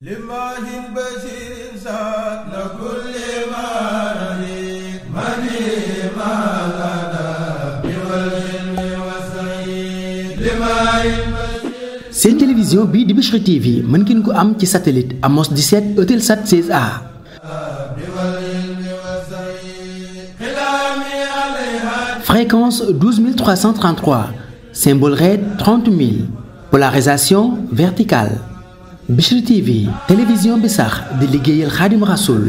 لماهن بشير سعد لكل ما رهيب مني ما غدا بالعلم والسعيد لماهن seen télévision bii di Bichri TV mën ngeen ko am ci satellite Amos 17 Eutelsat 16A fréquence 12 333 symbole raid 30 000 polarisation verticale Bichri TV télévision bi sax di liggéeyal Xaadimu Rasuul